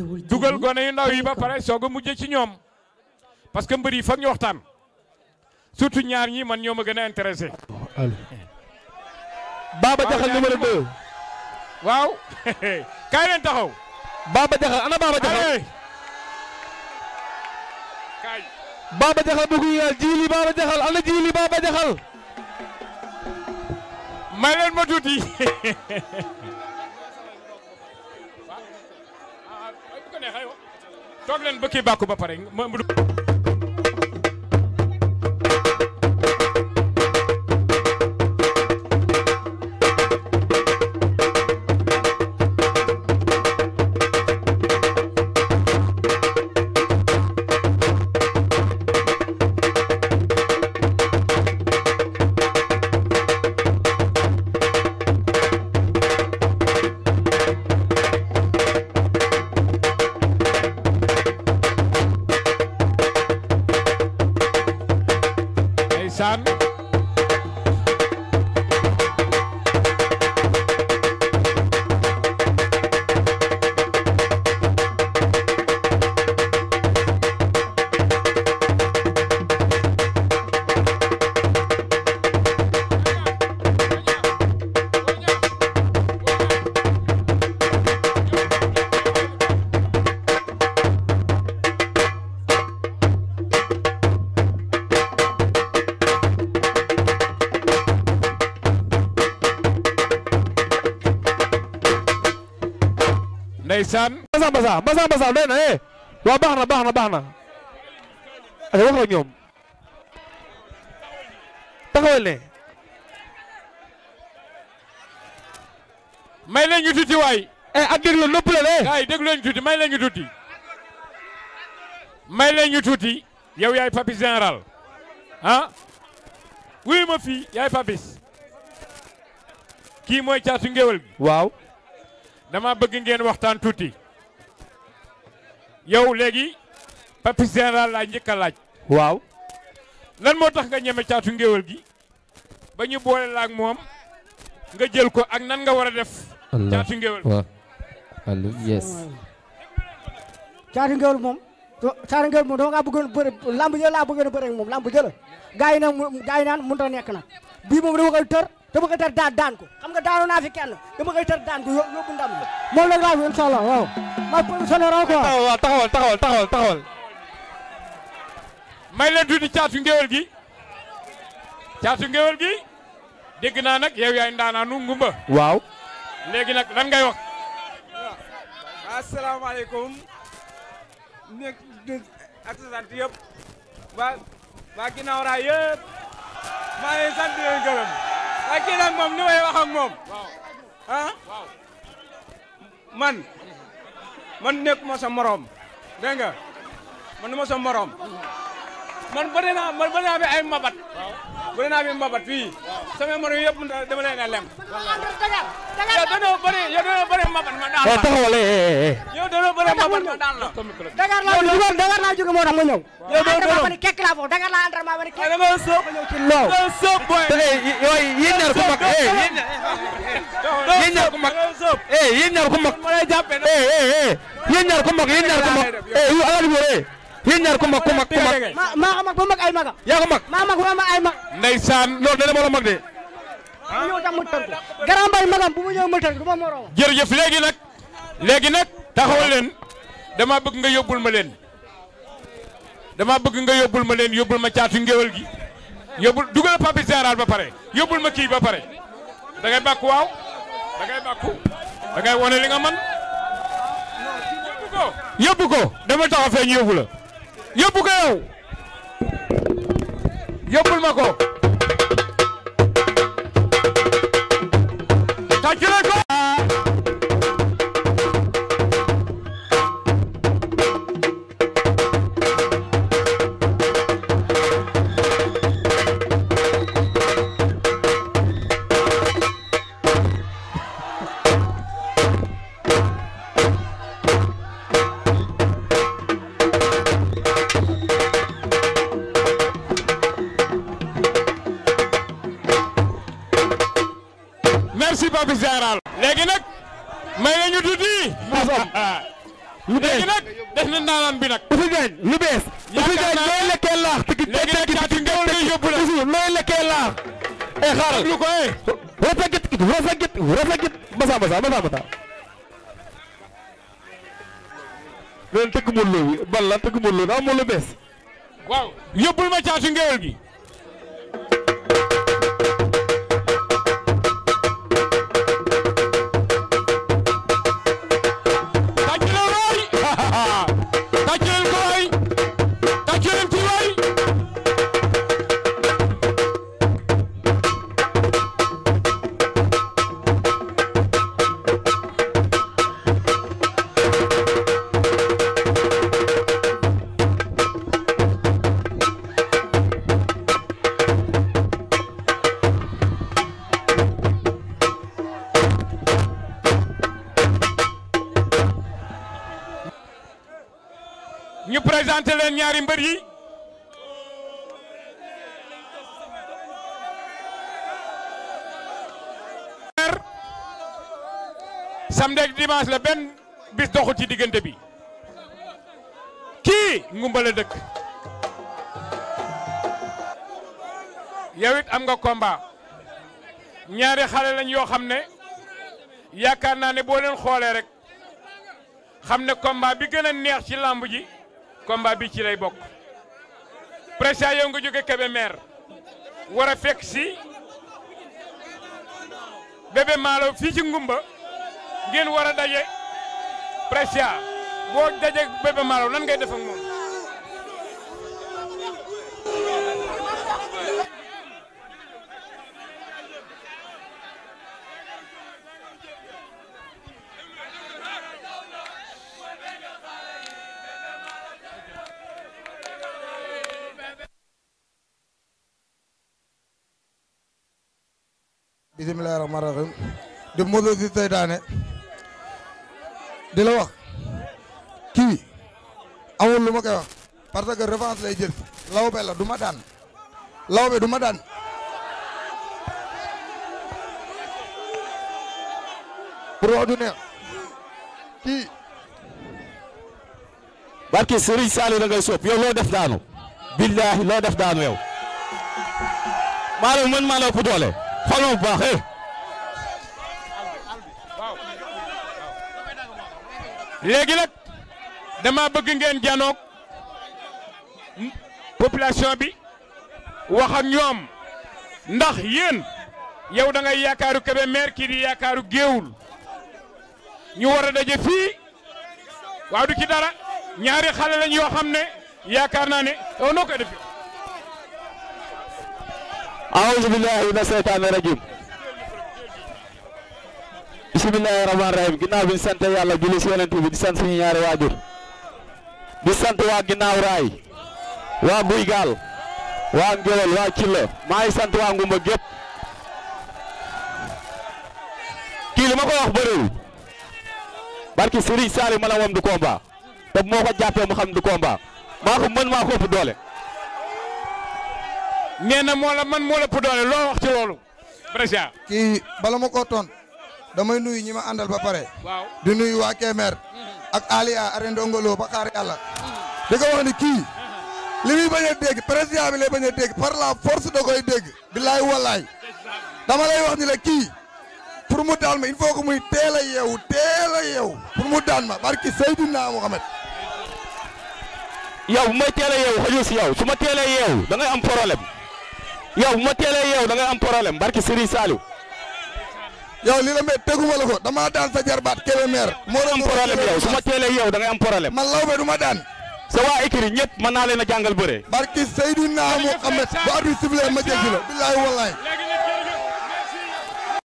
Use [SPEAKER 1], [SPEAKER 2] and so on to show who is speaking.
[SPEAKER 1] dugal gone yu ndaw yi ba pare soog a mujj ci ñoom parce que mbër yi fa ñu waxtaan surtout ñaar ñii man ñoo ma gën a intéressé. Baba Jaxal numéro 2. waaw kaay leen taxaw. Baba Jaxal ana Baba Jaxal kaay. Baba Jaxal Jaxal. may leen ma tuuti. toog leen ba kii bàkku ba pare ndeysaan basa basa basa basa doy na eh waaw baax na baax na baax na ak wax la ñoom taxawal ne may la ñu tuuti waay eh ak déglu noppale ne eh. gaay déglu leen tuuti may leen ñu may leen ñu tuuti yow papis général ah wuyu ma fii yaay papis kii mooy caatu ngéwél gi waaw dama bëgg ngeen waxtaan tuuti yow léegi papi général laa njëkk laaj. waaw. lan moo tax nga ñeme caatu ngéwél gi ba ñu boole la moom nga jël ko ak nan nga war a def. caatu ngéwél
[SPEAKER 2] waaw allo yes. caatu ngéwél moom. caatu ngéwél moom dama ngaa bëggoon bëri lamb jël laa bëggoon bëri ak moom lamb jël gaa naan gaa yi nekk nag bii moom dama koy tër. dama ko tër daan daan ko xam nga daanu naa fi kenn dama koy tër daan ko yóbbu ndam la moom la laa fi insha allah waaw ma positionné raw
[SPEAKER 1] quoi taxawal taxawal taxawal taxawal taxawal may leen tuuti caatu ngéwél gi caatu ngéwél gi dégg naa nag yow yaay ndaanaanu ngumba waaw léegi nag lan ngay wax asalaamaaleykum nekk artisan yëpp waa waa ginnaaw raa yëpp maa ngi sant leen gërëm ak kii nag moom ni may wax ak moom man man nekkuma sa morom dégg nga man du ma sa morom man bëri na man bëri naa ay mabat bëri naa bi mabat fii sama morom yëpp dama leen a lem yow danoo bëri yow danoo bëri mbapat ma daan la taxawalee. yow danoo bëri mbapat ma daan la. Dakar laa jóge Dakar laa jóge moo tax ma ñëw. yow doo doo ma ne kekk laa foofu Dakar
[SPEAKER 2] laa entraînement ma ne kekk. dama soob ñëw ci lool. doo soob booy. te eh, yooyu yéen ñaar ku mag. yéen ñaar ku mag. yéen ñaar ku mag. yéen ñaar ku mag yéen ñaar ku mag. yu alal bi ree. yéen ñaar ku mag ku mag ku mag. maa ko mag ba mag ay mag.
[SPEAKER 1] yaa ko mag. maa mag ba mag ay mag. ndeysaan loolu dana ma la mag de. mu ñëw tam mu tënku
[SPEAKER 2] grand mbay magam bu mu ñëw mu dema du ma morom melin,
[SPEAKER 1] dema nag léegi nag melin, leen dama bëgg nga yóbbul ma leen dama bëgg nga yóbbul ma ma gi papi ba pare yóbbul ma kii ba pare da ngay bàkku waaw da ngay aman, da ngay wone li nga man yóbbu ko yóbbu ko dama taxaw feeñ yóbbu ko yow léegi nag def na ndaanaan bi nag. Ousseynou Diagne lu bees. yaakaar naa ne lekkee laax. léegi nag caati ngelaw lay yóbbu la Ousseynou nooy lekkee laax. eh xaaral lu ko eh. rafet
[SPEAKER 2] rafet rafet masa masa masa masa. loolu tëgg mbooloo bi balla tëgg mbooloo daa mbooloo bees. waaw yóbbul ma caati
[SPEAKER 1] ngelaw gi. présenté leen ñaari mbër yi samedi ak dimanche la benn bis doxul ci diggante bi kii ngumba la dëkk yow it am nga combat ñaari xale lañ yoo xam ne yaakaar naa ne boo leen xoolee rek xam ne combat bi gën a neex ci làmb ji combat bi ci lay bokk Brescia yow nga jóge Kébémer war a fekk si Bébé Malo fii ci Ngumba ngeen war a daje Brescia boo daje Bébé Malo nan ngay def
[SPEAKER 2] bisimilahi rahmaani rahim di mosoo si seytaane di la wax kii amul lu ma koy wax parce que revanche lay jël lawbe la du ma daan lawbe du ma daan pour neex kii barki Serigne Saliou da ngay sóob loo def daanu billahi loo def daanu yow maalo mën maa la ëpp xoolal bu baax
[SPEAKER 1] léegi nag dama bëgg ngeen janoog population bi wax ak ñoom ndax yéen yow da ngay yaakaaru Kébémer kii di yaakaaru géewul ñu war a daje fii waaw du ci dara ñaari xale lañ yoo xam ne yaakaar naa ne doo oh, noo koy def
[SPEAKER 2] a بالله من الشيطان الرجيم بسم الله الرحمن الرحيم bi ñu yàlla julli si bi di sant suñu ñaari waajur di sant waa ginnaaw raay waa guy gaal waa ngewel waa cilla maa ngi sant waa ngumba gépp kii ma ko wax bëriwul barki Serigne Saliou ma la moom du combat
[SPEAKER 1] te moo ko jàppee mu xam du combat maa ko mën maa ko ëpp doole nee na moo la man moo la ëpp loo wax ci loolu. Brescia. kii bala ma koo
[SPEAKER 2] ton damay nuyu ñi ma àndal ba pare. waaw di nuyu waa Kemer. ak Aliya Arend Ongolo ba xaar yàlla. di ko wax ni kii. li muy bañ a dégg Brescia bi lay bañ a dégg par la force da koy dégg. billaay wallaay. dama lay wax ni la kii. pour mu daan ma il faut muy teel a yeewu teel a yeewu pour mu daan ma barki Seydina Mohamed. yow bu may teel a yeewu xajul si yow su ma teel a yeewu da ngay am problème. yow bu ma teelee yow da ngay am problème barki Serigne Saliou. yow li la may teguma la ko damaa daan sa jarbaat Kébé maire. moo am problème yow ma teelee yow da ngay am problème. man lawbe du ma daan. sa waa écrit ñëpp mën naa leen a jàngal bëre. barki Seydina Muhammad bu arbitre sifflé ma jël la. billaahi wallaahi.